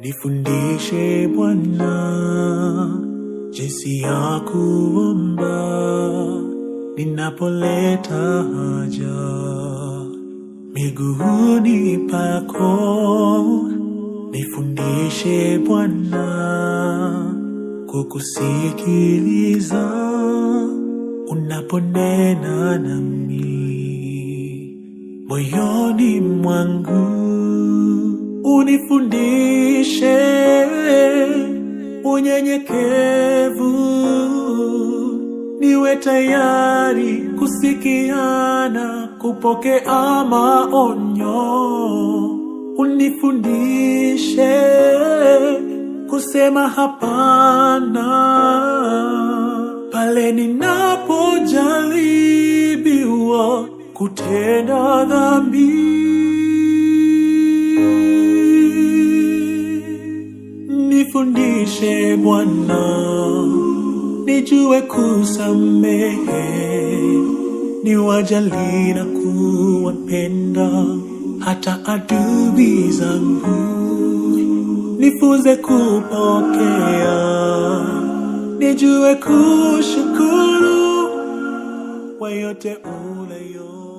Nifundishe Bwana jinsi ya kuomba ninapoleta haja miguuni pako. Nifundishe Bwana kukusikiliza unaponena nami moyoni mwangu unifundishe unyenyekevu, niwe tayari kusikiana, kupokea maonyo. Unifundishe kusema hapana pale ninapojaribiwa kutenda dhambi. nifundishe Bwana, nijue kusamehe, niwajalie na kuwapenda hata adui zangu. Nifunze kupokea, nijue kushukuru kwa yote unayo